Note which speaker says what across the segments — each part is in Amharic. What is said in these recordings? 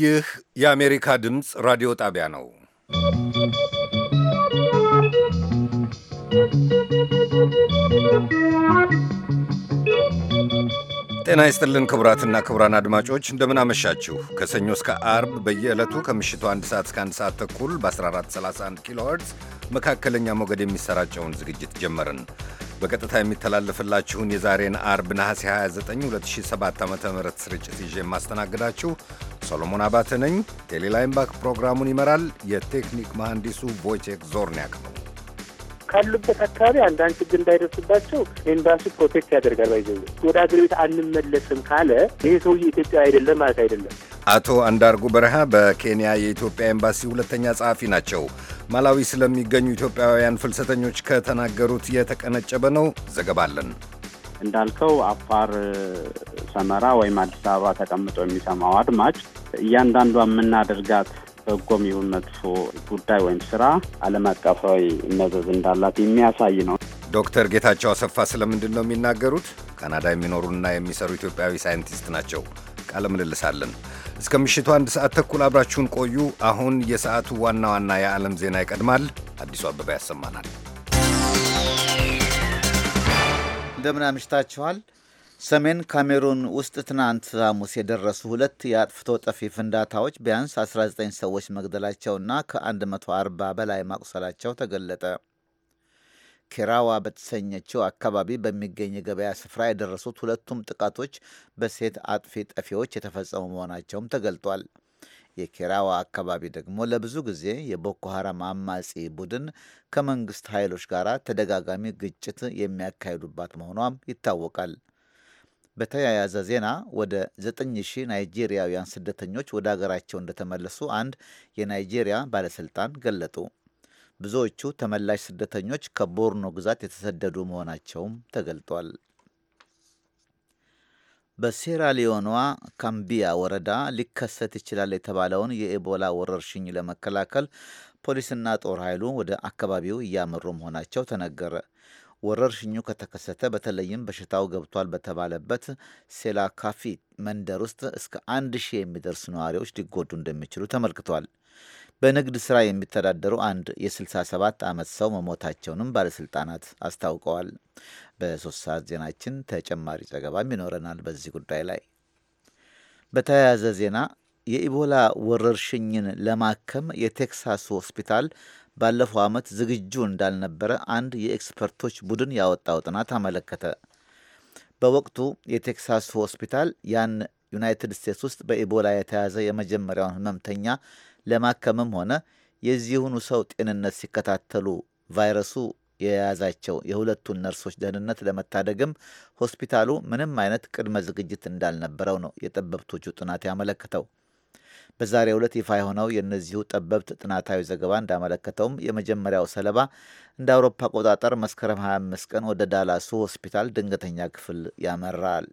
Speaker 1: ይህ የአሜሪካ ድምፅ ራዲዮ ጣቢያ ነው። ጤና ይስጥልን ክቡራትና ክቡራን አድማጮች እንደምናመሻችሁ። ከሰኞ እስከ አርብ በየዕለቱ ከምሽቱ አንድ ሰዓት እስከ አንድ ሰዓት ተኩል በ1431 ኪሎ ኸርትዝ መካከለኛ ሞገድ የሚሰራጨውን ዝግጅት ጀመርን። በቀጥታ የሚተላለፍላችሁን የዛሬን አርብ ነሐሴ 29 2007 ም ስርጭት ይዤ የማስተናግዳችሁ ሰሎሞን አባተ ነኝ። ቴሌላይም ፕሮግራሙን ይመራል። የቴክኒክ መሐንዲሱ ቮይቴክ ዞርኒያክ ነው።
Speaker 2: ካሉበት አካባቢ አንዳንድ ችግር እንዳይደርስባቸው ኤምባሲ ፕሮቴክት ያደርጋል። ባይዘ ወደ አገር ቤት አንመለስም ካለ ይህ ሰውዬ ኢትዮጵያ አይደለም ማለት አይደለም።
Speaker 1: አቶ አንዳርጉ በረሃ በኬንያ የኢትዮጵያ ኤምባሲ ሁለተኛ ጸሐፊ ናቸው። ማላዊ ስለሚገኙ ኢትዮጵያውያን ፍልሰተኞች ከተናገሩት የተቀነጨበ ነው። ዘገባለን
Speaker 3: እንዳልከው አፋር ሰመራ ወይም አዲስ አበባ ተቀምጦ የሚሰማው አድማጭ እያንዳንዷ የምናደርጋት በጎም ይሁን መጥፎ ጉዳይ ወይም ስራ ዓለም
Speaker 1: አቀፋዊ መዘዝ እንዳላት የሚያሳይ ነው። ዶክተር ጌታቸው አሰፋ ስለምንድን ነው የሚናገሩት? ካናዳ የሚኖሩና የሚሰሩ ኢትዮጵያዊ ሳይንቲስት ናቸው። ቃለ ምልልሳለን። እስከ ምሽቱ አንድ ሰዓት ተኩል አብራችሁን ቆዩ። አሁን የሰዓቱ ዋና ዋና የዓለም ዜና ይቀድማል። አዲሱ አበባ
Speaker 4: ያሰማናል። እንደምን አምሽታችኋል። ሰሜን ካሜሩን ውስጥ ትናንት ሐሙስ የደረሱ ሁለት የአጥፍቶ ጠፊ ፍንዳታዎች ቢያንስ 19 ሰዎች መግደላቸውና ከ140 በላይ ማቁሰላቸው ተገለጠ። ኬራዋ በተሰኘችው አካባቢ በሚገኝ የገበያ ስፍራ የደረሱት ሁለቱም ጥቃቶች በሴት አጥፊ ጠፊዎች የተፈጸሙ መሆናቸውም ተገልጧል። የኬራዋ አካባቢ ደግሞ ለብዙ ጊዜ የቦኮ ሀራም አማጺ ቡድን ከመንግስት ኃይሎች ጋር ተደጋጋሚ ግጭት የሚያካሂዱባት መሆኗም ይታወቃል። በተያያዘ ዜና ወደ ሺህ ናይጄሪያውያን ስደተኞች ወደ አገራቸው እንደተመለሱ አንድ የናይጄሪያ ባለሥልጣን ገለጡ። ብዙዎቹ ተመላሽ ስደተኞች ከቦርኖ ግዛት የተሰደዱ መሆናቸውም ተገልጧል። በሴራሊዮኗ ካምቢያ ወረዳ ሊከሰት ይችላል የተባለውን የኢቦላ ወረርሽኝ ለመከላከል ፖሊስና ጦር ኃይሉ ወደ አካባቢው እያመሩ መሆናቸው ተነገረ። ወረርሽኙ ከተከሰተ በተለይም በሽታው ገብቷል በተባለበት ሴላካፊ መንደር ውስጥ እስከ አንድ ሺህ የሚደርስ ነዋሪዎች ሊጎዱ እንደሚችሉ ተመልክቷል። በንግድ ሥራ የሚተዳደሩ አንድ የ67 ዓመት ሰው መሞታቸውንም ባለሥልጣናት አስታውቀዋል። በሶስት ሰዓት ዜናችን ተጨማሪ ዘገባም ይኖረናል በዚህ ጉዳይ ላይ። በተያያዘ ዜና የኢቦላ ወረርሽኝን ለማከም የቴክሳስ ሆስፒታል ባለፈው ዓመት ዝግጁ እንዳልነበረ አንድ የኤክስፐርቶች ቡድን ያወጣው ጥናት አመለከተ። በወቅቱ የቴክሳስ ሆስፒታል ያን ዩናይትድ ስቴትስ ውስጥ በኢቦላ የተያዘ የመጀመሪያውን ህመምተኛ ። ለማከምም ሆነ የዚሁኑ ሰው ጤንነት ሲከታተሉ ቫይረሱ የያዛቸው የሁለቱን ነርሶች ደህንነት ለመታደግም ሆስፒታሉ ምንም አይነት ቅድመ ዝግጅት እንዳልነበረው ነው የጠበብቶቹ ጥናት ያመለክተው። በዛሬ ዕለት ይፋ የሆነው የእነዚሁ ጠበብት ጥናታዊ ዘገባ እንዳመለከተውም የመጀመሪያው ሰለባ እንደ አውሮፓ አቆጣጠር መስከረም 25 ቀን ወደ ዳላሱ ሆስፒታል ድንገተኛ ክፍል ያመራል።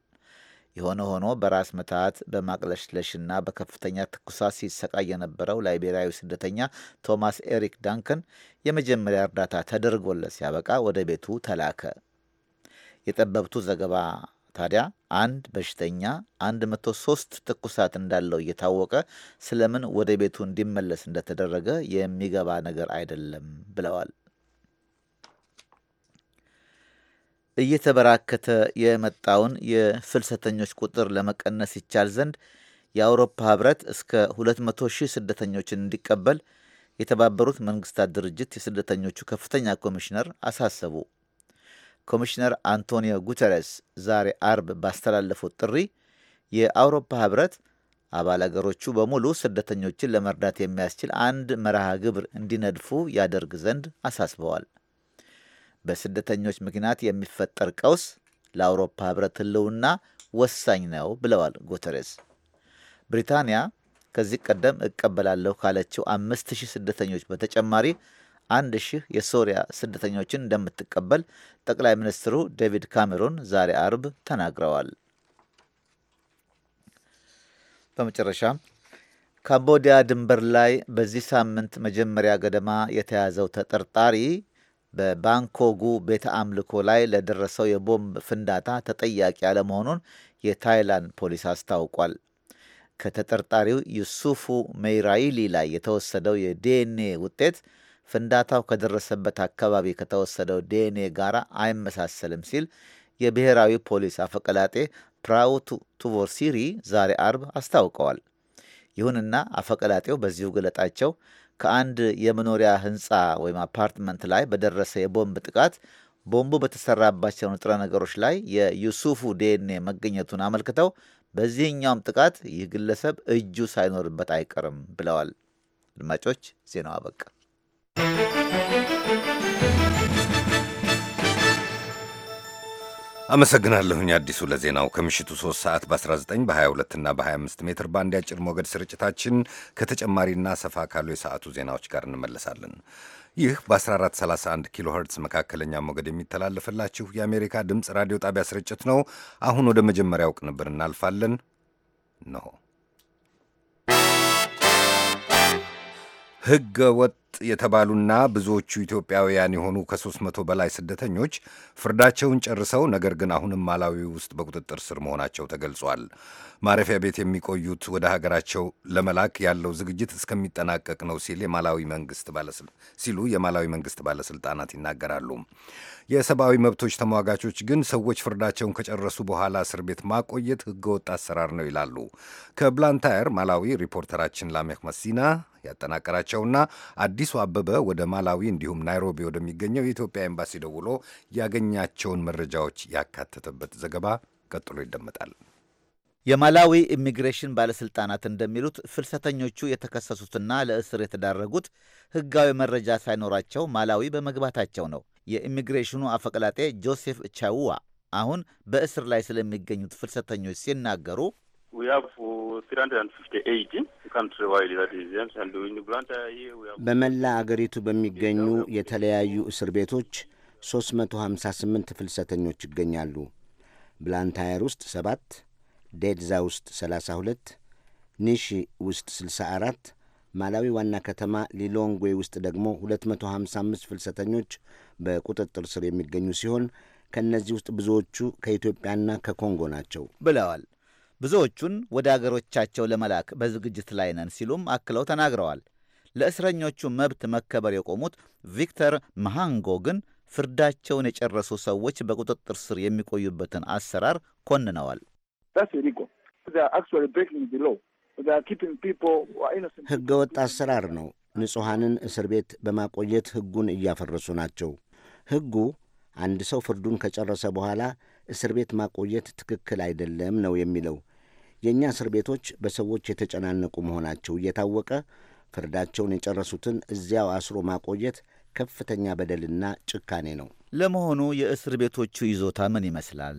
Speaker 4: የሆነ ሆኖ በራስ ምታት በማቅለሽለሽና በከፍተኛ ትኩሳት ሲሰቃይ የነበረው ላይቤሪያዊ ስደተኛ ቶማስ ኤሪክ ዳንከን የመጀመሪያ እርዳታ ተደርጎለት ሲያበቃ ወደ ቤቱ ተላከ። የጠበብቱ ዘገባ ታዲያ አንድ በሽተኛ 103 ትኩሳት እንዳለው እየታወቀ ስለምን ወደ ቤቱ እንዲመለስ እንደተደረገ የሚገባ ነገር አይደለም ብለዋል። እየተበራከተ የመጣውን የፍልሰተኞች ቁጥር ለመቀነስ ይቻል ዘንድ የአውሮፓ ህብረት እስከ 200 ሺህ ስደተኞችን እንዲቀበል የተባበሩት መንግስታት ድርጅት የስደተኞቹ ከፍተኛ ኮሚሽነር አሳሰቡ። ኮሚሽነር አንቶኒዮ ጉተሬስ ዛሬ አርብ ባስተላለፉት ጥሪ የአውሮፓ ህብረት አባል አገሮቹ በሙሉ ስደተኞችን ለመርዳት የሚያስችል አንድ መርሃ ግብር እንዲነድፉ ያደርግ ዘንድ አሳስበዋል። በስደተኞች ምክንያት የሚፈጠር ቀውስ ለአውሮፓ ህብረት ህልውና ወሳኝ ነው ብለዋል ጉተሬስ። ብሪታንያ ከዚህ ቀደም እቀበላለሁ ካለችው አምስት ሺህ ስደተኞች በተጨማሪ አንድ ሺህ የሶሪያ ስደተኞችን እንደምትቀበል ጠቅላይ ሚኒስትሩ ዴቪድ ካሜሮን ዛሬ አርብ ተናግረዋል። በመጨረሻም ካምቦዲያ ድንበር ላይ በዚህ ሳምንት መጀመሪያ ገደማ የተያዘው ተጠርጣሪ በባንኮጉ ቤተ አምልኮ ላይ ለደረሰው የቦምብ ፍንዳታ ተጠያቂ አለመሆኑን የታይላንድ ፖሊስ አስታውቋል። ከተጠርጣሪው ዩሱፉ ሜይራይሊ ላይ የተወሰደው የዲኤንኤ ውጤት ፍንዳታው ከደረሰበት አካባቢ ከተወሰደው ዲኤንኤ ጋር አይመሳሰልም ሲል የብሔራዊ ፖሊስ አፈቀላጤ ፕራውቱ ቱቮርሲሪ ዛሬ አርብ አስታውቀዋል። ይሁንና አፈቀላጤው በዚሁ ገለጣቸው ከአንድ የመኖሪያ ህንፃ ወይም አፓርትመንት ላይ በደረሰ የቦምብ ጥቃት ቦምቡ በተሰራባቸው ንጥረ ነገሮች ላይ የዩሱፉ ዴኔ መገኘቱን አመልክተው በዚህኛውም ጥቃት ይህ ግለሰብ እጁ ሳይኖርበት አይቀርም ብለዋል። አድማጮች ዜናው አበቃ።
Speaker 1: አመሰግናለሁኝ አዲሱ ለዜናው። ከምሽቱ 3 ሰዓት በ19 በ22 እና በ25 ሜትር ባንድ ያጭር ሞገድ ስርጭታችን ከተጨማሪና ሰፋ ካሉ የሰዓቱ ዜናዎች ጋር እንመለሳለን። ይህ በ1431 ኪሎ ኸርትዝ መካከለኛ ሞገድ የሚተላለፍላችሁ የአሜሪካ ድምፅ ራዲዮ ጣቢያ ስርጭት ነው። አሁን ወደ መጀመሪያው ቅንብር እናልፋለን ነው ሕገ ወጥ የተባሉና ብዙዎቹ ኢትዮጵያውያን የሆኑ ከሦስት መቶ በላይ ስደተኞች ፍርዳቸውን ጨርሰው ነገር ግን አሁንም ማላዊ ውስጥ በቁጥጥር ስር መሆናቸው ተገልጿል። ማረፊያ ቤት የሚቆዩት ወደ ሀገራቸው ለመላክ ያለው ዝግጅት እስከሚጠናቀቅ ነው ሲል የማላዊ መንግስት ሲሉ የማላዊ መንግስት ባለስልጣናት ይናገራሉ። የሰብአዊ መብቶች ተሟጋቾች ግን ሰዎች ፍርዳቸውን ከጨረሱ በኋላ እስር ቤት ማቆየት ህገወጥ አሰራር ነው ይላሉ። ከብላንታየር ማላዊ ሪፖርተራችን ላሜክ መሲና ያጠናቀራቸውና አዲሱ አበበ ወደ ማላዊ እንዲሁም ናይሮቢ ወደሚገኘው የኢትዮጵያ ኤምባሲ ደውሎ ያገኛቸውን መረጃዎች ያካተተበት ዘገባ ቀጥሎ ይደመጣል። የማላዊ ኢሚግሬሽን ባለሥልጣናት እንደሚሉት
Speaker 4: ፍልሰተኞቹ የተከሰሱትና ለእስር የተዳረጉት ሕጋዊ መረጃ ሳይኖራቸው ማላዊ በመግባታቸው ነው። የኢሚግሬሽኑ አፈቀላጤ ጆሴፍ ቻውዋ አሁን በእስር ላይ ስለሚገኙት ፍልሰተኞች ሲናገሩ በመላ አገሪቱ በሚገኙ
Speaker 5: የተለያዩ እስር ቤቶች 358 ፍልሰተኞች ይገኛሉ። ብላንታየር ውስጥ 7፣ ዴድዛ ውስጥ 32፣ ኒሺ ውስጥ 64 ማላዊ ዋና ከተማ ሊሎንግዌ ውስጥ ደግሞ 255 ፍልሰተኞች በቁጥጥር ስር የሚገኙ ሲሆን ከእነዚህ ውስጥ ብዙዎቹ ከኢትዮጵያና ከኮንጎ ናቸው
Speaker 4: ብለዋል። ብዙዎቹን ወደ አገሮቻቸው ለመላክ በዝግጅት ላይ ነን ሲሉም አክለው ተናግረዋል። ለእስረኞቹ መብት መከበር የቆሙት ቪክተር መሃንጎ ግን ፍርዳቸውን የጨረሱ ሰዎች በቁጥጥር ስር የሚቆዩበትን አሰራር ኮንነዋል።
Speaker 5: ሕገ ወጥ አሰራር ነው። ንጹሐንን እስር ቤት በማቆየት ሕጉን እያፈረሱ ናቸው። ሕጉ አንድ ሰው ፍርዱን ከጨረሰ በኋላ እስር ቤት ማቆየት ትክክል አይደለም ነው የሚለው። የእኛ እስር ቤቶች በሰዎች የተጨናነቁ መሆናቸው እየታወቀ ፍርዳቸውን የጨረሱትን እዚያው አስሮ ማቆየት ከፍተኛ
Speaker 4: በደልና ጭካኔ ነው። ለመሆኑ የእስር ቤቶቹ ይዞታ ምን ይመስላል?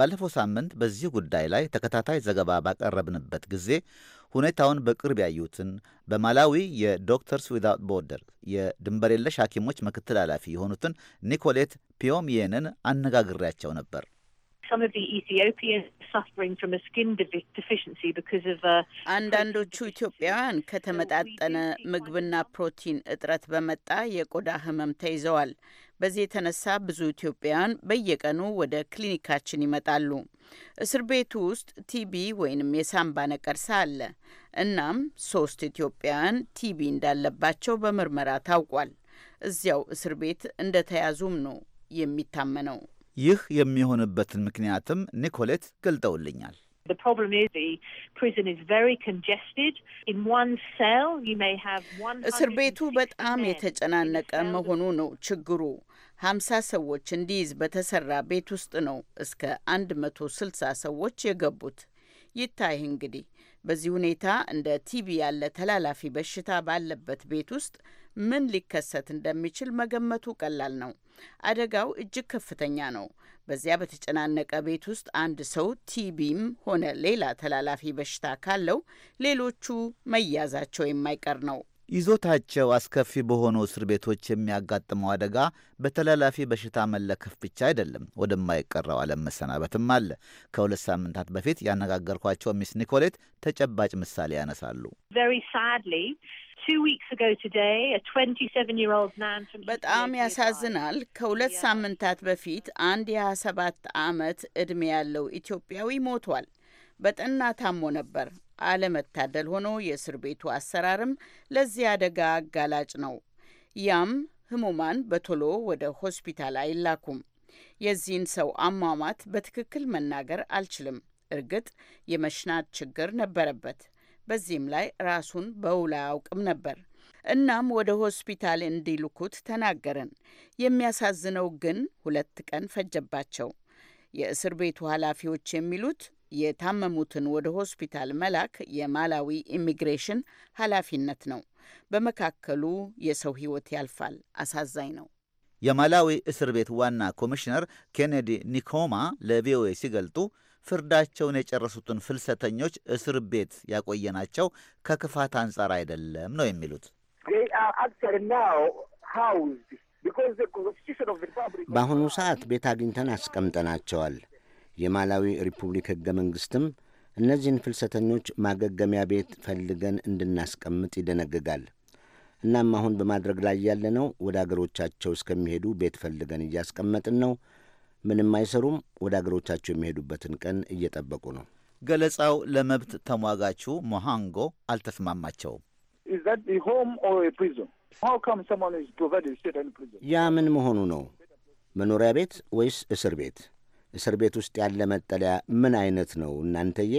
Speaker 4: ባለፈው ሳምንት በዚህ ጉዳይ ላይ ተከታታይ ዘገባ ባቀረብንበት ጊዜ ሁኔታውን በቅርብ ያዩትን በማላዊ የዶክተርስ ዊዛውት ቦርደር የድንበር የለሽ ሐኪሞች ምክትል ኃላፊ የሆኑትን ኒኮሌት ፒዮምየንን አነጋግሬያቸው ነበር።
Speaker 6: uh, አንዳንዶቹ ኢትዮጵያውያን ከተመጣጠነ ምግብና ፕሮቲን እጥረት በመጣ የቆዳ ህመም ተይዘዋል። በዚህ የተነሳ ብዙ ኢትዮጵያውያን በየቀኑ ወደ ክሊኒካችን ይመጣሉ። እስር ቤቱ ውስጥ ቲቢ ወይንም የሳምባ ነቀርሳ አለ። እናም ሶስት ኢትዮጵያውያን ቲቢ እንዳለባቸው በምርመራ ታውቋል። እዚያው እስር ቤት እንደተያዙም ነው የሚታመነው።
Speaker 4: ይህ የሚሆንበትን ምክንያትም ኒኮሌት ገልጠውልኛል።
Speaker 6: እስር ቤቱ በጣም የተጨናነቀ መሆኑ ነው ችግሩ። 50 ሰዎች እንዲይዝ በተሰራ ቤት ውስጥ ነው እስከ 160 ሰዎች የገቡት። ይታይ እንግዲህ በዚህ ሁኔታ እንደ ቲቪ ያለ ተላላፊ በሽታ ባለበት ቤት ውስጥ ምን ሊከሰት እንደሚችል መገመቱ ቀላል ነው። አደጋው እጅግ ከፍተኛ ነው። በዚያ በተጨናነቀ ቤት ውስጥ አንድ ሰው ቲቢም ሆነ ሌላ ተላላፊ በሽታ ካለው ሌሎቹ መያዛቸው የማይቀር ነው።
Speaker 4: ይዞታቸው አስከፊ በሆኑ እስር ቤቶች የሚያጋጥመው አደጋ በተላላፊ በሽታ መለከፍ ብቻ አይደለም፣ ወደማይቀረው ዓለም መሰናበትም አለ። ከሁለት ሳምንታት በፊት ያነጋገርኳቸው ሚስ ኒኮሌት ተጨባጭ ምሳሌ ያነሳሉ።
Speaker 6: በጣም ያሳዝናል። ከሁለት ሳምንታት በፊት አንድ የ27 ዓመት ዕድሜ ያለው ኢትዮጵያዊ ሞቷል። በጠና ታሞ ነበር። አለመታደል ሆኖ የእስር ቤቱ አሰራርም ለዚህ አደጋ አጋላጭ ነው። ያም ህሙማን በቶሎ ወደ ሆስፒታል አይላኩም። የዚህን ሰው አሟሟት በትክክል መናገር አልችልም። እርግጥ የመሽናት ችግር ነበረበት። በዚህም ላይ ራሱን በውል አያውቅም ነበር። እናም ወደ ሆስፒታል እንዲልኩት ተናገርን። የሚያሳዝነው ግን ሁለት ቀን ፈጀባቸው። የእስር ቤቱ ኃላፊዎች የሚሉት የታመሙትን ወደ ሆስፒታል መላክ የማላዊ ኢሚግሬሽን ኃላፊነት ነው። በመካከሉ የሰው ሕይወት ያልፋል። አሳዛኝ ነው።
Speaker 4: የማላዊ እስር ቤት ዋና ኮሚሽነር ኬኔዲ ኒኮማ ለቪኦኤ ሲገልጡ ፍርዳቸውን የጨረሱትን ፍልሰተኞች እስር ቤት ያቆየናቸው ከክፋት አንጻር አይደለም ነው የሚሉት።
Speaker 5: በአሁኑ ሰዓት ቤት አግኝተን አስቀምጠናቸዋል። የማላዊ ሪፑብሊክ ሕገ መንግሥትም እነዚህን ፍልሰተኞች ማገገሚያ ቤት ፈልገን እንድናስቀምጥ ይደነግጋል። እናም አሁን በማድረግ ላይ ያለነው ወደ አገሮቻቸው እስከሚሄዱ ቤት ፈልገን እያስቀመጥን ነው። ምንም አይሰሩም። ወደ አገሮቻቸው የሚሄዱበትን
Speaker 4: ቀን እየጠበቁ ነው። ገለጻው ለመብት ተሟጋቹ ሞሃንጎ አልተስማማቸውም።
Speaker 5: ያ ምን መሆኑ ነው? መኖሪያ ቤት ወይስ እስር ቤት? እስር ቤት ውስጥ ያለ
Speaker 4: መጠለያ ምን አይነት ነው? እናንተዬ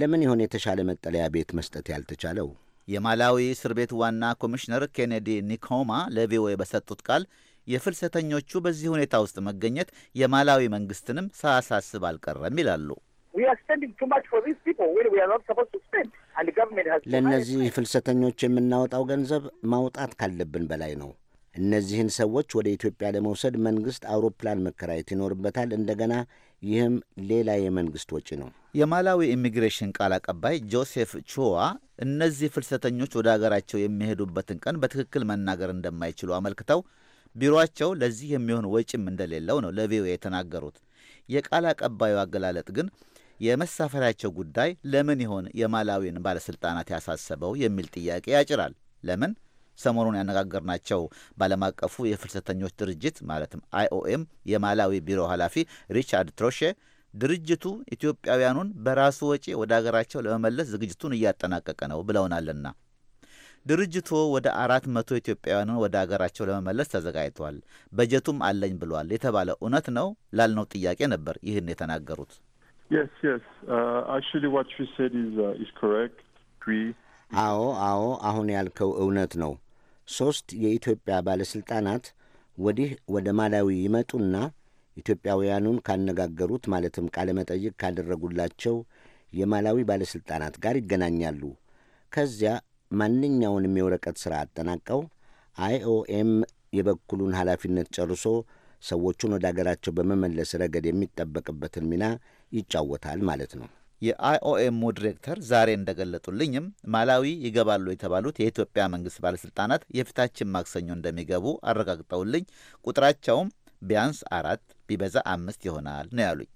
Speaker 4: ለምን ይሆን የተሻለ መጠለያ ቤት መስጠት ያልተቻለው? የማላዊ እስር ቤት ዋና ኮሚሽነር ኬኔዲ ኒኮማ ለቪኦኤ በሰጡት ቃል የፍልሰተኞቹ በዚህ ሁኔታ ውስጥ መገኘት የማላዊ መንግስትንም ሳያሳስብ አልቀረም ይላሉ።
Speaker 5: ለእነዚህ ፍልሰተኞች የምናወጣው ገንዘብ ማውጣት ካለብን በላይ ነው። እነዚህን ሰዎች ወደ ኢትዮጵያ ለመውሰድ መንግሥት አውሮፕላን መከራየት ይኖርበታል። እንደገና ይህም ሌላ
Speaker 4: የመንግሥት ወጪ ነው። የማላዊ ኢሚግሬሽን ቃል አቀባይ ጆሴፍ ቹዋ እነዚህ ፍልሰተኞች ወደ አገራቸው የሚሄዱበትን ቀን በትክክል መናገር እንደማይችሉ አመልክተው ቢሮአቸው ለዚህ የሚሆን ወጪም እንደሌለው ነው ለቪኦኤ የተናገሩት። የቃል አቀባዩ አገላለጥ ግን የመሳፈሪያቸው ጉዳይ ለምን ይሆን የማላዊን ባለሥልጣናት ያሳሰበው የሚል ጥያቄ ያጭራል። ለምን ሰሞኑን ያነጋገርናቸው ባለም አቀፉ የፍልሰተኞች ድርጅት ማለትም አይኦኤም የማላዊ ቢሮ ኃላፊ ሪቻርድ ትሮሼ ድርጅቱ ኢትዮጵያውያኑን በራሱ ወጪ ወደ አገራቸው ለመመለስ ዝግጅቱን እያጠናቀቀ ነው ብለውናልና ድርጅቱ ወደ አራት መቶ ኢትዮጵያውያኑን ወደ አገራቸው ለመመለስ ተዘጋጅቷል። በጀቱም አለኝ ብሏል የተባለ እውነት ነው ላልነው ጥያቄ ነበር ይህን የተናገሩት።
Speaker 3: uh, uh,
Speaker 5: አዎ አዎ፣ አሁን ያልከው እውነት ነው። ሦስት የኢትዮጵያ ባለሥልጣናት ወዲህ ወደ ማላዊ ይመጡና ኢትዮጵያውያኑን ካነጋገሩት ማለትም ቃለ መጠይቅ ካደረጉላቸው የማላዊ ባለሥልጣናት ጋር ይገናኛሉ። ከዚያ ማንኛውንም የወረቀት ሥራ አጠናቀው አይኦኤም የበኩሉን ኃላፊነት ጨርሶ ሰዎቹን ወደ አገራቸው በመመለስ ረገድ የሚጠበቅበትን ሚና
Speaker 4: ይጫወታል ማለት ነው። የአይኦኤሙ ዲሬክተር ዛሬ እንደገለጡልኝም ማላዊ ይገባሉ የተባሉት የኢትዮጵያ መንግስት ባለሥልጣናት የፊታችን ማክሰኞ እንደሚገቡ አረጋግጠውልኝ ቁጥራቸውም ቢያንስ አራት ቢበዛ አምስት ይሆናል ነው ያሉኝ።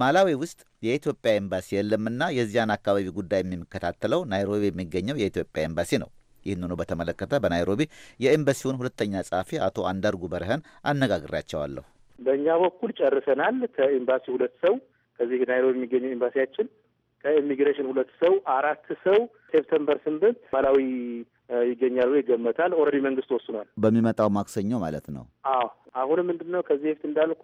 Speaker 4: ማላዊ ውስጥ የኢትዮጵያ ኤምባሲ የለምና የዚያን አካባቢ ጉዳይ የሚከታተለው ናይሮቢ የሚገኘው የኢትዮጵያ ኤምባሲ ነው። ይህንኑ በተመለከተ በናይሮቢ የኤምባሲውን ሁለተኛ ጸሐፊ አቶ አንዳርጉ በርሃን አነጋግሬያቸዋለሁ።
Speaker 2: በእኛ በኩል ጨርሰናል። ከኤምባሲ ሁለት ሰው ከዚህ ናይሮቢ የሚገኘው ኤምባሲያችን ከኢሚግሬሽን ሁለት ሰው አራት ሰው ሴፕተምበር ስምንት ማላዊ ይገኛሉ ይገመታል። ኦልሬዲ መንግስት ወስኗል።
Speaker 4: በሚመጣው ማክሰኞ ማለት
Speaker 2: ነው። አዎ አሁንም ምንድን ነው ከዚህ በፊት እንዳልኩ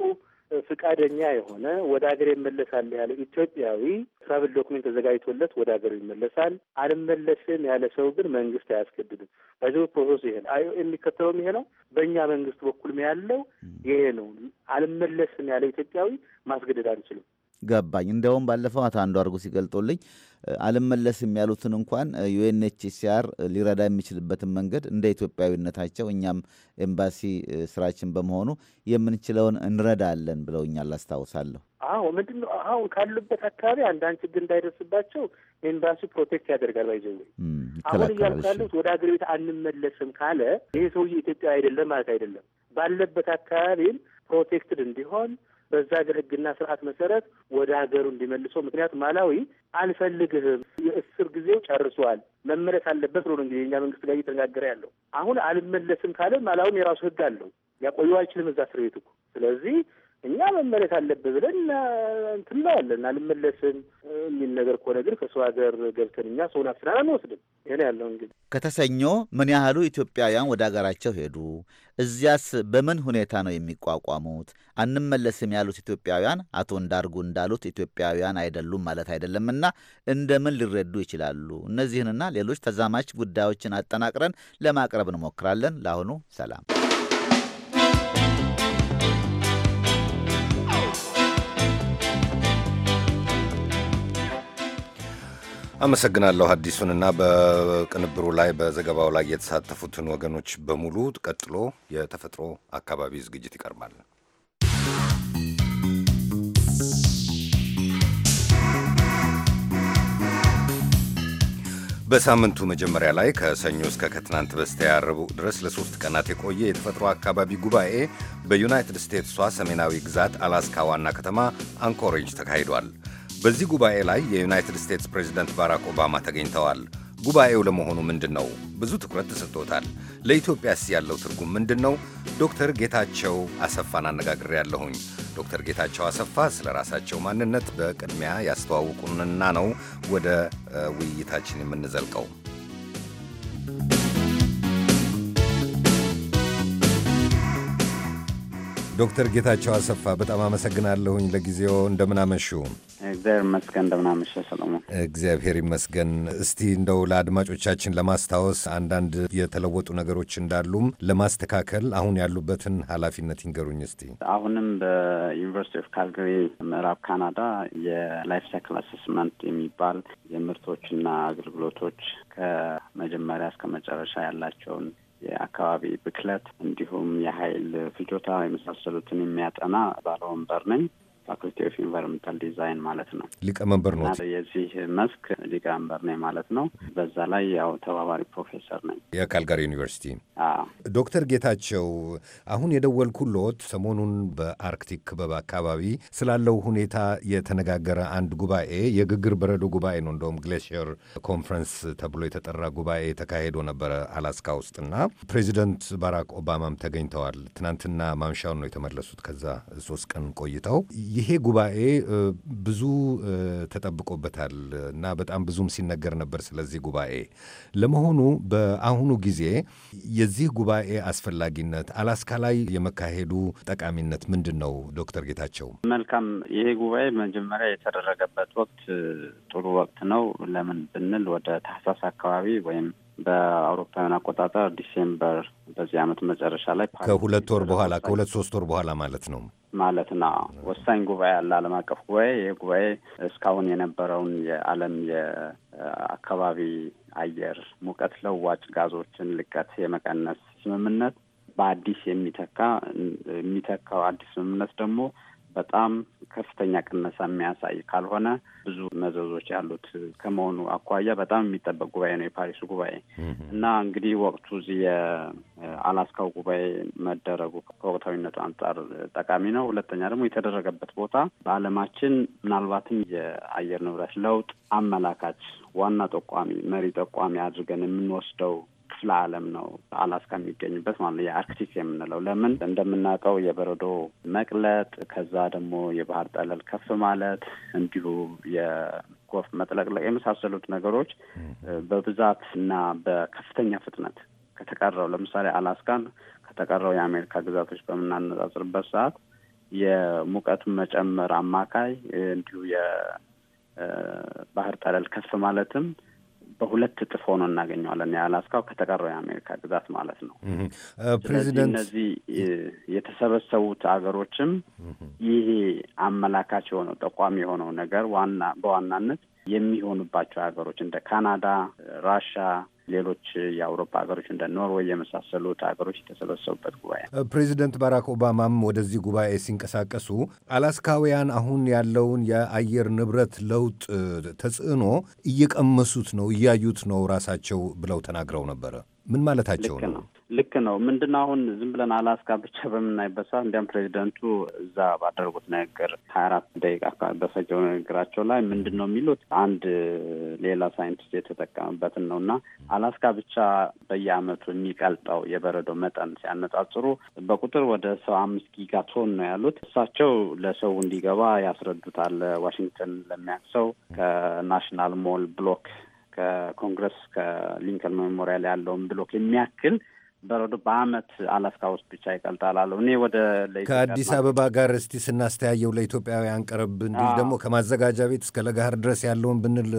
Speaker 2: ፍቃደኛ የሆነ ወደ ሀገር ይመለሳል ያለ ኢትዮጵያዊ ትራቭል ዶክሜንት ተዘጋጅቶለት ወደ ሀገሩ ይመለሳል። አልመለስም ያለ ሰው ግን መንግስት አያስገድድም። በዚህ ፕሮሰሱ ይሄ ነው የሚከተለውም ይሄ ነው። በእኛ መንግስት በኩልም ያለው ይሄ ነው። አልመለስም ያለ ኢትዮጵያዊ ማስገደድ አንችልም።
Speaker 4: ገባኝ። እንዲያውም ባለፈው አቶ አንዱ አድርጎ ሲገልጦልኝ አልመለስም ያሉትን እንኳን ዩኤንኤችሲአር ሊረዳ የሚችልበትን መንገድ እንደ ኢትዮጵያዊነታቸው እኛም ኤምባሲ ስራችን በመሆኑ የምንችለውን እንረዳለን ብለውኛል፣ አስታውሳለሁ።
Speaker 2: አዎ ምንድን ነው አሁን ካሉበት አካባቢ አንዳንድ ችግር እንዳይደርስባቸው ኤምባሲ ፕሮቴክት ያደርጋል። ባይዘ አሁን እያልኩ ወደ ሀገር ቤት አንመለስም ካለ ይሄ ሰውዬ ኢትዮጵያ አይደለም ማለት አይደለም። ባለበት አካባቢም ፕሮቴክትድ እንዲሆን በዛ ሀገር ህግና ስርዓት መሰረት ወደ ሀገሩ እንዲመልሰው። ምክንያቱም ማላዊ አልፈልግህም፣ የእስር ጊዜው ጨርሷል፣ መመለስ አለበት ብሎ ነው እንግዲህ የኛ መንግስት ጋር እየተነጋገረ ያለው። አሁን አልመለስም ካለ ማላዊም የራሱ ህግ አለው፣ ሊያቆየው አይችልም እዛ እስር ቤት እኮ ስለዚህ እኛ መመለስ አለብህ ብለን እንትን እንለዋለን። አልመለስም የሚል ነገር ከሆነ ግን ከሰው ሀገር ገብተን እኛ ሰውን አፍናን አንወስድም። ይሄ ያለው እንግዲህ
Speaker 4: ከተሰኞ ምን ያህሉ ኢትዮጵያውያን ወደ ሀገራቸው ሄዱ? እዚያስ በምን ሁኔታ ነው የሚቋቋሙት? አንመለስም ያሉት ኢትዮጵያውያን አቶ እንዳርጉ እንዳሉት ኢትዮጵያውያን አይደሉም ማለት አይደለምና እንደምን ሊረዱ ይችላሉ? እነዚህንና ሌሎች ተዛማች ጉዳዮችን አጠናቅረን ለማቅረብ እንሞክራለን። ለአሁኑ ሰላም።
Speaker 1: አመሰግናለሁ አዲሱንና በቅንብሩ ላይ በዘገባው ላይ የተሳተፉትን ወገኖች በሙሉ። ቀጥሎ የተፈጥሮ አካባቢ ዝግጅት ይቀርባል። በሳምንቱ መጀመሪያ ላይ ከሰኞ እስከ ከትናንት በስቲያ ረቡዕ ድረስ ለሶስት ቀናት የቆየ የተፈጥሮ አካባቢ ጉባኤ በዩናይትድ ስቴትሷ ሰሜናዊ ግዛት አላስካ ዋና ከተማ አንኮሬጅ ተካሂዷል። በዚህ ጉባኤ ላይ የዩናይትድ ስቴትስ ፕሬዚደንት ባራክ ኦባማ ተገኝተዋል። ጉባኤው ለመሆኑ ምንድን ነው? ብዙ ትኩረት ተሰጥቶታል። ለኢትዮጵያስ ያለው ትርጉም ምንድን ነው? ዶክተር ጌታቸው አሰፋን አነጋግሬ ያለሁኝ። ዶክተር ጌታቸው አሰፋ ስለ ራሳቸው ማንነት በቅድሚያ ያስተዋውቁንና ነው ወደ ውይይታችን የምንዘልቀው። ዶክተር ጌታቸው አሰፋ በጣም አመሰግናለሁኝ። ለጊዜው እንደምናመሹ። እግዚአብሔር ይመስገን። እንደምናመሸ ሰለሞን። እግዚአብሔር ይመስገን። እስቲ እንደው ለአድማጮቻችን ለማስታወስ አንዳንድ የተለወጡ ነገሮች እንዳሉም ለማስተካከል አሁን ያሉበትን ኃላፊነት ይንገሩኝ እስቲ።
Speaker 3: አሁንም በዩኒቨርሲቲ ኦፍ ካልጋሪ ምዕራብ ካናዳ የላይፍ ሳይክል አሴስመንት የሚባል የምርቶችና አገልግሎቶች ከመጀመሪያ እስከ መጨረሻ ያላቸውን የአካባቢ ብክለት እንዲሁም የኃይል ፍጆታ የመሳሰሉትን የሚያጠና ባለወንበር ነኝ። ፋኩልቲ ኦፍ ኢንቫይሮንመንታል ዲዛይን ማለት ነው።
Speaker 1: ሊቀመንበር ነው
Speaker 3: የዚህ መስክ ሊቀመንበር ነኝ ማለት ነው። በዛ ላይ ያው
Speaker 1: ተባባሪ ፕሮፌሰር ነኝ የካልጋሪ ዩኒቨርሲቲ። ዶክተር ጌታቸው አሁን የደወልኩ ሎት ሰሞኑን በአርክቲክ ክበብ አካባቢ ስላለው ሁኔታ የተነጋገረ አንድ ጉባኤ የግግር በረዶ ጉባኤ ነው። እንደውም ግሌሽየር ኮንፈረንስ ተብሎ የተጠራ ጉባኤ ተካሄዶ ነበረ አላስካ ውስጥና ፕሬዚደንት ባራክ ኦባማም ተገኝተዋል። ትናንትና ማምሻውን ነው የተመለሱት ከዛ ሶስት ቀን ቆይተው ይሄ ጉባኤ ብዙ ተጠብቆበታል እና በጣም ብዙም ሲነገር ነበር ስለዚህ ጉባኤ። ለመሆኑ በአሁኑ ጊዜ የዚህ ጉባኤ አስፈላጊነት አላስካ ላይ የመካሄዱ ጠቃሚነት ምንድን ነው? ዶክተር ጌታቸው
Speaker 3: መልካም። ይሄ ጉባኤ መጀመሪያ የተደረገበት ወቅት ጥሩ ወቅት ነው። ለምን ብንል ወደ ታህሳስ አካባቢ ወይም በአውሮፓውያን አቆጣጠር ዲሴምበር በዚህ ዓመት መጨረሻ ላይ
Speaker 1: ከሁለት ወር በኋላ ከሁለት ሶስት ወር በኋላ ማለት ነው
Speaker 3: ማለት ና ወሳኝ ጉባኤ አለ፣ ዓለም አቀፍ ጉባኤ። ይህ ጉባኤ እስካሁን የነበረውን የዓለም የአካባቢ አየር ሙቀት ለዋጭ ጋዞችን ልቀት የመቀነስ ስምምነት በአዲስ የሚተካ የሚተካው አዲስ ስምምነት ደግሞ በጣም ከፍተኛ ቅነሳ የሚያሳይ ካልሆነ ብዙ መዘዞች ያሉት ከመሆኑ አኳያ በጣም የሚጠበቅ ጉባኤ ነው የፓሪሱ ጉባኤ እና እንግዲህ ወቅቱ እዚህ የአላስካው ጉባኤ መደረጉ ከወቅታዊነቱ አንጻር ጠቃሚ ነው። ሁለተኛ ደግሞ የተደረገበት ቦታ በዓለማችን ምናልባትም የአየር ንብረት ለውጥ አመላካች ዋና ጠቋሚ መሪ ጠቋሚ አድርገን የምንወስደው ክፍለ ዓለም ነው አላስካ የሚገኝበት ማለት ነው። የአርክቲክ የምንለው ለምን እንደምናውቀው የበረዶ መቅለጥ ከዛ ደግሞ የባህር ጠለል ከፍ ማለት እንዲሁ የጎርፍ መጥለቅለቅ የመሳሰሉት ነገሮች በብዛት እና በከፍተኛ ፍጥነት ከተቀረው ለምሳሌ አላስካን ከተቀረው የአሜሪካ ግዛቶች በምናነጻጽርበት ሰዓት የሙቀቱ መጨመር አማካይ እንዲሁ የባህር ጠለል ከፍ ማለትም በሁለት እጥፍ ሆኖ እናገኘዋለን። የአላስካው ከተቀረው የአሜሪካ ግዛት ማለት ነው።
Speaker 1: ስለዚህ እነዚህ
Speaker 3: የተሰበሰቡት አገሮችም ይሄ አመላካች የሆነው ጠቋሚ የሆነው ነገር ዋና በዋናነት የሚሆኑባቸው ሀገሮች እንደ ካናዳ፣ ራሻ፣ ሌሎች የአውሮፓ ሀገሮች እንደ ኖርዌይ የመሳሰሉት ሀገሮች የተሰበሰቡበት ጉባኤ።
Speaker 1: ፕሬዚደንት ባራክ ኦባማም ወደዚህ ጉባኤ ሲንቀሳቀሱ አላስካውያን አሁን ያለውን የአየር ንብረት ለውጥ ተጽዕኖ እየቀመሱት ነው፣ እያዩት ነው ራሳቸው ብለው ተናግረው ነበረ። ምን ማለታቸው ነው?
Speaker 3: ልክ ነው። ምንድነው አሁን ዝም ብለን አላስካ ብቻ በምናይበት ሰዓት እንዲያም ፕሬዚደንቱ እዛ ባደረጉት ንግግር ሀያ አራት ደቂቃ በፈጀው ንግግራቸው ላይ ምንድን ነው የሚሉት አንድ ሌላ ሳይንቲስት የተጠቀምበትን ነው እና አላስካ ብቻ በየአመቱ የሚቀልጠው የበረዶ መጠን ሲያነጻጽሩ በቁጥር ወደ ሰባ አምስት ጊጋ ቶን ነው ያሉት። እሳቸው ለሰው እንዲገባ ያስረዱታል። ዋሽንግተን ለሚያቅሰው ከናሽናል ሞል ብሎክ ከኮንግረስ ከሊንከን ሜሞሪያል ያለውን ብሎክ የሚያክል በረዶ በአመት አላስካ ውስጥ ብቻ ይቀልጣል አለው። እኔ ወደ ከአዲስ አበባ
Speaker 1: ጋር እስቲ ስናስተያየው ለኢትዮጵያውያን ቀረብ እንዲል ደግሞ ከማዘጋጃ ቤት እስከ ለጋህር ድረስ ያለውን ብንል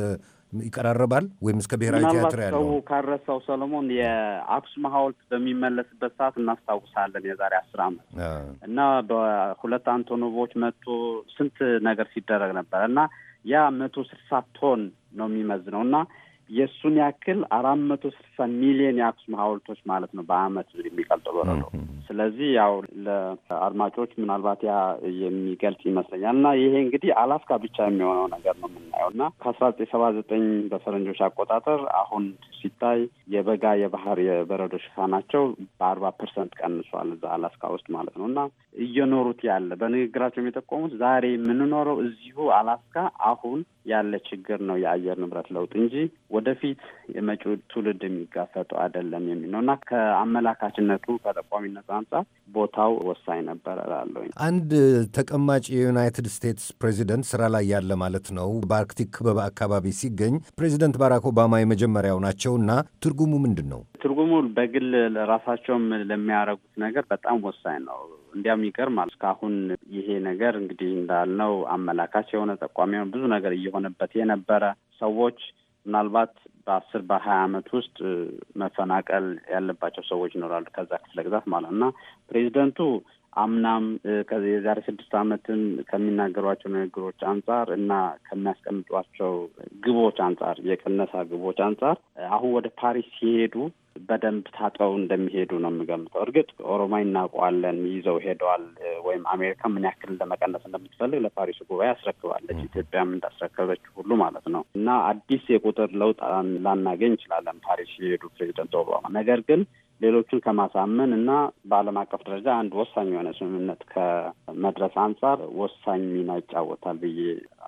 Speaker 1: ይቀራረባል ወይም እስከ ብሔራዊ ቲያትር ያለው
Speaker 3: ካረሳው ሰለሞን የአክሱም ሐውልት በሚመለስበት ሰዓት እናስታውሳለን። የዛሬ አስር አመት እና በሁለት አንቶኖቮች መቶ ስንት ነገር ሲደረግ ነበር እና ያ መቶ ስልሳ ቶን ነው የሚመዝነው እና የእሱን ያክል አራት መቶ ስልሳ ሚሊዮን የአክሱም ሀውልቶች ማለት ነው በአመት የሚቀልጠው በረዶ። ስለዚህ ያው ለአድማጮች ምናልባት ያ የሚገልጽ ይመስለኛል እና ይሄ እንግዲህ አላስካ ብቻ የሚሆነው ነገር ነው የምናየው እና ከአስራ ዘጠኝ ሰባ ዘጠኝ በፈረንጆች አቆጣጠር አሁን ሲታይ የበጋ የባህር የበረዶ ሽፋናቸው በአርባ ፐርሰንት ቀንሷል እዛ አላስካ ውስጥ ማለት ነው እና እየኖሩት ያለ በንግግራቸው የሚጠቆሙት ዛሬ የምንኖረው እዚሁ አላስካ አሁን ያለ ችግር ነው የአየር ንብረት ለውጥ እንጂ ወደፊት የመጪው ትውልድ የሚጋፈጠው አይደለም የሚል ነው እና ከአመላካችነቱ ከጠቋሚነት አንጻር ቦታው ወሳኝ ነበር እላለሁኝ።
Speaker 1: አንድ ተቀማጭ የዩናይትድ ስቴትስ ፕሬዚደንት ስራ ላይ ያለ ማለት ነው በአርክቲክ ክበብ አካባቢ ሲገኝ ፕሬዚደንት ባራክ ኦባማ የመጀመሪያው ናቸው እና ትርጉሙ ምንድን ነው?
Speaker 3: ትርጉሙ በግል ራሳቸውም ለሚያደርጉት ነገር በጣም ወሳኝ ነው። እንዲያም ይገርማል። እስካሁን ይሄ ነገር እንግዲህ እንዳልነው አመላካች የሆነ ጠቋሚ ብዙ ነገር እየሆነበት የነበረ ሰዎች ምናልባት በአስር በሀያ አመት ውስጥ መፈናቀል ያለባቸው ሰዎች ይኖራሉ ከዛ ክፍለ ግዛት ማለት እና ፕሬዚደንቱ አምናም የዛሬ ስድስት አመትም ከሚናገሯቸው ንግግሮች አንጻር እና ከሚያስቀምጧቸው ግቦች አንጻር የቅነሳ ግቦች አንጻር አሁን ወደ ፓሪስ ሲሄዱ በደንብ ታጠው እንደሚሄዱ ነው የምገምተው። እርግጥ ኦሮማ እናውቀዋለን ይዘው ሄደዋል። ወይም አሜሪካ ምን ያክል ለመቀነስ እንደምትፈልግ ለፓሪሱ ጉባኤ አስረክባለች። ኢትዮጵያም እንዳስረከበች ሁሉ ማለት ነው እና አዲስ የቁጥር ለውጥ ላናገኝ እንችላለን ፓሪስ የሄዱ ፕሬዚደንት ኦባማ ነገር ግን ሌሎቹን ከማሳመን እና በዓለም አቀፍ ደረጃ አንድ ወሳኝ የሆነ ስምምነት ከመድረስ አንጻር ወሳኝ ሚና ይጫወታል ብዬ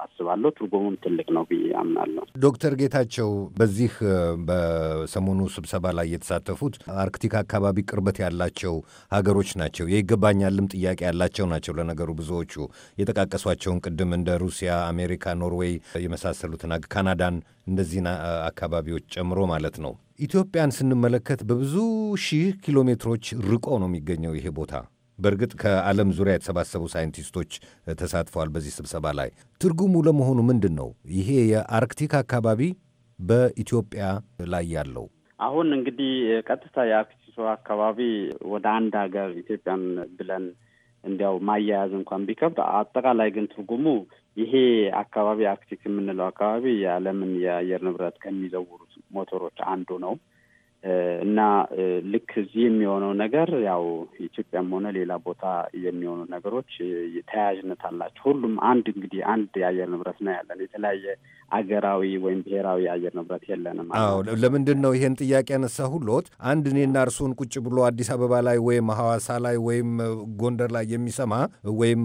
Speaker 3: አስባለሁ። ትርጉሙም ትልቅ ነው ብዬ አምናለሁ።
Speaker 1: ዶክተር ጌታቸው በዚህ በሰሞኑ ስብሰባ ላይ የተሳተፉት አርክቲክ አካባቢ ቅርበት ያላቸው ሀገሮች ናቸው። የይገባኛልም ጥያቄ ያላቸው ናቸው። ለነገሩ ብዙዎቹ የጠቃቀሷቸውን ቅድም እንደ ሩሲያ፣ አሜሪካ፣ ኖርዌይ የመሳሰሉትን ካናዳን እንደዚህ አካባቢዎች ጨምሮ ማለት ነው። ኢትዮጵያን ስንመለከት በብዙ ሺህ ኪሎ ሜትሮች ርቆ ነው የሚገኘው ይሄ ቦታ። በእርግጥ ከዓለም ዙሪያ የተሰባሰቡ ሳይንቲስቶች ተሳትፈዋል በዚህ ስብሰባ ላይ። ትርጉሙ ለመሆኑ ምንድን ነው? ይሄ የአርክቲክ አካባቢ በኢትዮጵያ ላይ ያለው
Speaker 3: አሁን እንግዲህ ቀጥታ የአርክቲክ አካባቢ ወደ አንድ ሀገር ኢትዮጵያን ብለን እንዲያው ማያያዝ እንኳን ቢከብድ አጠቃላይ ግን ትርጉሙ ይሄ አካባቢ አርክቲክ የምንለው አካባቢ የዓለምን የአየር ንብረት ከሚዘውሩት ሞተሮች አንዱ ነው እና ልክ እዚህ የሚሆነው ነገር ያው ኢትዮጵያም ሆነ ሌላ ቦታ የሚሆኑ ነገሮች ተያያዥነት አላቸው። ሁሉም አንድ እንግዲህ አንድ የአየር ንብረት ነው ያለን የተለያየ አገራዊ ወይም ብሔራዊ የአየር ንብረት የለንም።
Speaker 1: አዎ ለምንድን ነው ይሄን ጥያቄ ያነሳ ሁሎት አንድ እኔና እርሶን ቁጭ ብሎ አዲስ አበባ ላይ ወይም ሐዋሳ ላይ ወይም ጎንደር ላይ የሚሰማ ወይም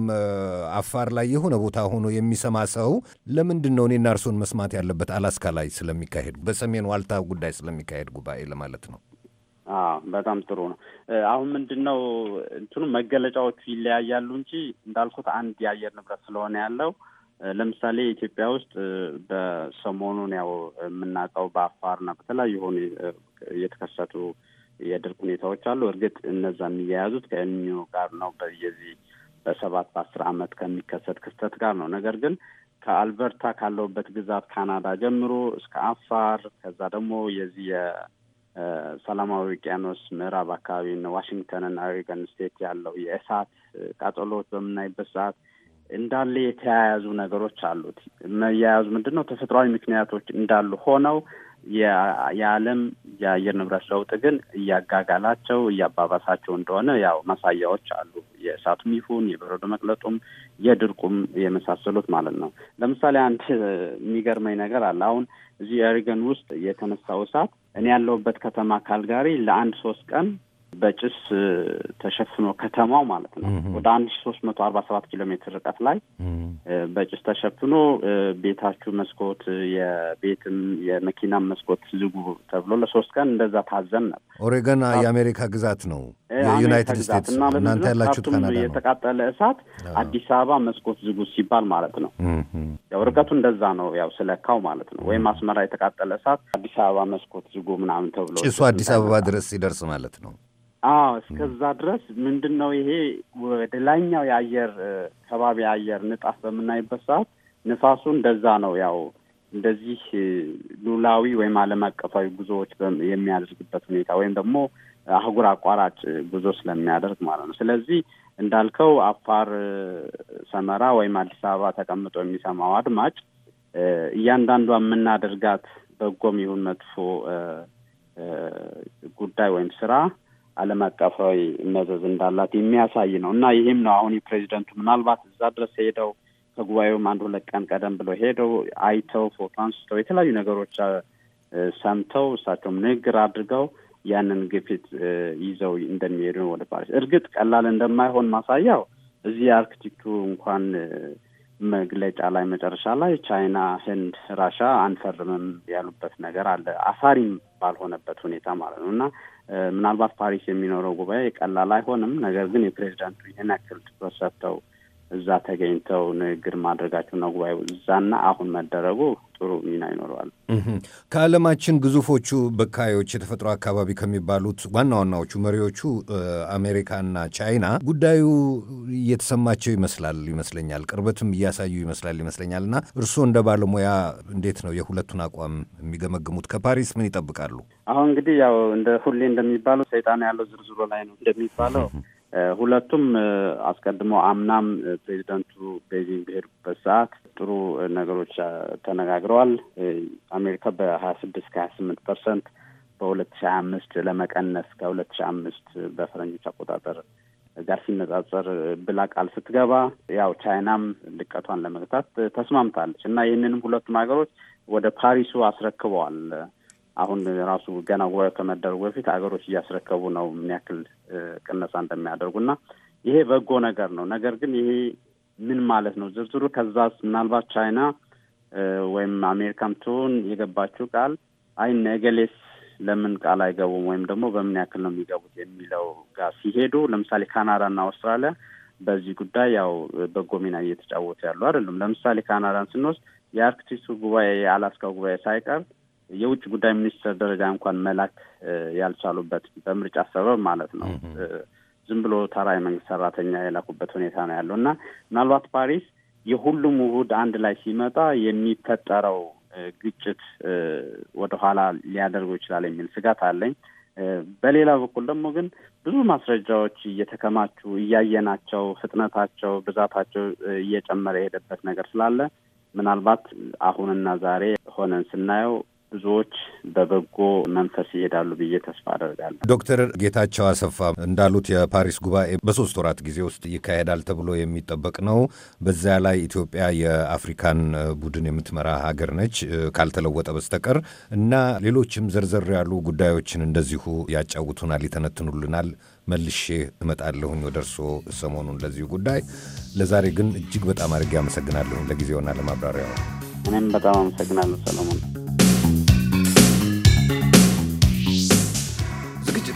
Speaker 1: አፋር ላይ የሆነ ቦታ ሆኖ የሚሰማ ሰው ለምንድን ነው እኔና እርስዎን መስማት ያለበት? አላስካ ላይ ስለሚካሄድ በሰሜን ዋልታ ጉዳይ ስለሚካሄድ ጉባኤ ለማለት ነው።
Speaker 3: በጣም ጥሩ ነው። አሁን ምንድን ነው እንትኑ መገለጫዎቹ ይለያያሉ እንጂ እንዳልኩት አንድ የአየር ንብረት ስለሆነ ያለው ለምሳሌ ኢትዮጵያ ውስጥ በሰሞኑን ያው የምናውቀው በአፋርና በተለያዩ ሆኑ የተከሰቱ የድርቅ ሁኔታዎች አሉ። እርግጥ እነዛ የሚያያዙት ከእኒዮ ጋር ነው በየዚህ በሰባት በአስር አመት ከሚከሰት ክስተት ጋር ነው። ነገር ግን ከአልበርታ ካለውበት ግዛት ካናዳ ጀምሮ እስከ አፋር ከዛ ደግሞ የዚህ የሰላማዊ ውቅያኖስ ምዕራብ አካባቢ ዋሽንግተንና ኦሪገን ስቴት ያለው የእሳት ቃጠሎዎች በምናይበት ሰዓት እንዳለ የተያያዙ ነገሮች አሉት። መያያዙ ምንድን ነው? ተፈጥሯዊ ምክንያቶች እንዳሉ ሆነው የዓለም የአየር ንብረት ለውጥ ግን እያጋጋላቸው እያባባሳቸው እንደሆነ ያው ማሳያዎች አሉ። የእሳቱም ይሁን የበረዶ መቅለጡም የድርቁም የመሳሰሉት ማለት ነው። ለምሳሌ አንድ የሚገርመኝ ነገር አለ። አሁን እዚህ ኦሪገን ውስጥ የተነሳው እሳት እኔ ያለሁበት ከተማ ካልጋሪ ለአንድ ሶስት ቀን በጭስ ተሸፍኖ ከተማው ማለት ነው ወደ አንድ ሺ ሶስት መቶ አርባ ሰባት ኪሎ ሜትር ርቀት ላይ በጭስ ተሸፍኖ ቤታችሁ መስኮት የቤትም የመኪናም መስኮት ዝጉ ተብሎ ለሶስት ቀን እንደዛ ታዘን ነበር።
Speaker 1: ኦሬገን የአሜሪካ ግዛት ነው የዩናይትድ ስቴትስ እናንተ ያላችሁት ካናዳ ነው።
Speaker 3: የተቃጠለ እሳት አዲስ አበባ መስኮት ዝጉ ሲባል ማለት ነው። ያው ርቀቱ እንደዛ ነው። ያው ስለካው ማለት ነው። ወይም አስመራ የተቃጠለ እሳት አዲስ አበባ መስኮት ዝጉ ምናምን
Speaker 1: ተብሎ ጭሱ አዲስ አበባ ድረስ ሲደርስ ማለት ነው።
Speaker 3: አዎ እስከዛ ድረስ ምንድን ነው ይሄ ወደ ላይኛው የአየር ከባቢ የአየር ንጣፍ በምናይበት ሰዓት ንፋሱ እንደዛ ነው ያው እንደዚህ ሉላዊ ወይም ዓለም አቀፋዊ ጉዞዎች የሚያደርግበት ሁኔታ ወይም ደግሞ አህጉር አቋራጭ ጉዞ ስለሚያደርግ ማለት ነው። ስለዚህ እንዳልከው አፋር ሰመራ ወይም አዲስ አበባ ተቀምጦ የሚሰማው አድማጭ እያንዳንዷ የምናደርጋት በጎም ይሁን መጥፎ ጉዳይ ወይም ስራ ዓለም አቀፋዊ መዘዝ እንዳላት የሚያሳይ ነው እና ይህም ነው አሁን የፕሬዚደንቱ ምናልባት እዛ ድረስ ሄደው ከጉባኤውም አንድ ሁለት ቀን ቀደም ብለው ሄደው አይተው ፎቶ አንስተው የተለያዩ ነገሮች ሰምተው እሳቸውም ንግግር አድርገው ያንን ግፊት ይዘው እንደሚሄዱ ወደ ፓሪስ እርግጥ ቀላል እንደማይሆን ማሳያው እዚህ አርክቲክቱ እንኳን መግለጫ ላይ መጨረሻ ላይ ቻይና፣ ህንድ፣ ራሻ አንፈርምም ያሉበት ነገር አለ። አሳሪም ባልሆነበት ሁኔታ ማለት ነው እና ምናልባት ፓሪስ የሚኖረው ጉባኤ ቀላል አይሆንም። ነገር ግን የፕሬዚዳንቱ ይህን ያክል ትኩረት ሰጥተው እዛ ተገኝተው ንግግር ማድረጋቸው ነው ጉባኤው እዛና አሁን መደረጉ ጥሩ ሚና ይኖረዋል።
Speaker 1: ከዓለማችን ግዙፎቹ በካዮች የተፈጥሮ አካባቢ ከሚባሉት ዋና ዋናዎቹ መሪዎቹ አሜሪካና ቻይና ጉዳዩ እየተሰማቸው ይመስላል ይመስለኛል፣ ቅርበትም እያሳዩ ይመስላል ይመስለኛል። እና እርስዎ እንደ ባለሙያ እንዴት ነው የሁለቱን አቋም የሚገመግሙት? ከፓሪስ ምን ይጠብቃሉ?
Speaker 3: አሁን እንግዲህ ያው እንደ ሁሌ እንደሚባለው ሰይጣን ያለው ዝርዝሩ ላይ ነው እንደሚባለው ሁለቱም አስቀድሞ አምናም ፕሬዚደንቱ ቤጂንግ በሄዱበት ሰዓት ጥሩ ነገሮች ተነጋግረዋል። አሜሪካ በሀያ ስድስት ከሀያ ስምንት ፐርሰንት በሁለት ሺ ሀያ አምስት ለመቀነስ ከሁለት ሺ አምስት በፈረንጆች አቆጣጠር ጋር ሲነጻጸር ብላ ቃል ስትገባ ያው ቻይናም ልቀቷን ለመግታት ተስማምታለች እና ይህንንም ሁለቱም ሀገሮች ወደ ፓሪሱ አስረክበዋል። አሁን ራሱ ገና ጉባኤው ከመደረጉ በፊት ሀገሮች እያስረከቡ ነው ምን ያክል ቅነሳ እንደሚያደርጉና ይሄ በጎ ነገር ነው። ነገር ግን ይሄ ምን ማለት ነው ዝርዝሩ ከዛስ ምናልባት ቻይና ወይም አሜሪካም ትሆን የገባችው ቃል አይ ነገሌስ ለምን ቃል አይገቡም ወይም ደግሞ በምን ያክል ነው የሚገቡት የሚለው ጋር ሲሄዱ ለምሳሌ ካናዳና አውስትራሊያ በዚህ ጉዳይ ያው በጎ ሚና እየተጫወቱ ያሉ አይደሉም። ለምሳሌ ካናዳን ስንወስድ የአርክቲክሱ ጉባኤ የአላስካ ጉባኤ ሳይቀር የውጭ ጉዳይ ሚኒስትር ደረጃ እንኳን መላክ ያልቻሉበት በምርጫ ሰበብ ማለት ነው። ዝም ብሎ ተራ የመንግስት ሰራተኛ የላኩበት ሁኔታ ነው ያለው እና ምናልባት ፓሪስ የሁሉም ውሁድ አንድ ላይ ሲመጣ የሚፈጠረው ግጭት ወደኋላ ሊያደርገው ይችላል የሚል ስጋት አለኝ። በሌላ በኩል ደግሞ ግን ብዙ ማስረጃዎች እየተከማቹ እያየናቸው ፍጥነታቸው፣ ብዛታቸው እየጨመረ የሄደበት ነገር ስላለ ምናልባት አሁንና ዛሬ ሆነን ስናየው ብዙዎች በበጎ መንፈስ ይሄዳሉ
Speaker 1: ብዬ ተስፋ አደርጋለሁ። ዶክተር ጌታቸው አሰፋ እንዳሉት የፓሪስ ጉባኤ በሶስት ወራት ጊዜ ውስጥ ይካሄዳል ተብሎ የሚጠበቅ ነው። በዚያ ላይ ኢትዮጵያ የአፍሪካን ቡድን የምትመራ ሀገር ነች ካልተለወጠ በስተቀር እና ሌሎችም ዘርዘር ያሉ ጉዳዮችን እንደዚሁ ያጫውቱናል፣ ይተነትኑልናል። መልሼ እመጣለሁኝ ወደ እርስዎ ሰሞኑን ለዚሁ ጉዳይ። ለዛሬ ግን እጅግ በጣም አድርጌ አመሰግናለሁኝ ለጊዜውና ለማብራሪያው። እኔም በጣም አመሰግናለሁ ሰለሞን።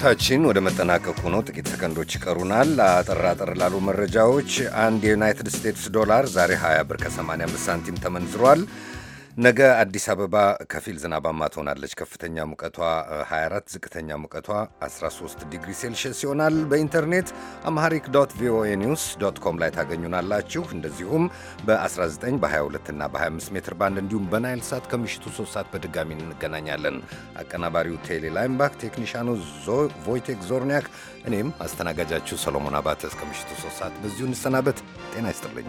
Speaker 1: ዝግጅታችን ወደ መጠናቀቁ ነው። ጥቂት ሰከንዶች ይቀሩናል። አጠር አጠር ላሉ መረጃዎች አንድ የዩናይትድ ስቴትስ ዶላር ዛሬ 20 ብር ከ85 ሳንቲም ተመንዝሯል። ነገ አዲስ አበባ ከፊል ዝናባማ ትሆናለች። ከፍተኛ ሙቀቷ 24፣ ዝቅተኛ ሙቀቷ 13 ዲግሪ ሴልሽየስ ይሆናል። በኢንተርኔት አምሃሪክ ዶት ቪኦኤ ኒውስ ዶት ኮም ላይ ታገኙናላችሁ። እንደዚሁም በ19 በ22 እና በ25 ሜትር ባንድ እንዲሁም በናይል ሳት ከምሽቱ 3 ሰዓት በድጋሚ እንገናኛለን። አቀናባሪው ቴሌ ላይምባክ፣ ቴክኒሻኑ ቮይቴክ ዞርኒያክ፣ እኔም አስተናጋጃችሁ ሰሎሞን አባተ እስከ ምሽቱ 3 ሰዓት በዚሁ እንሰናበት። ጤና ይስጥልኝ።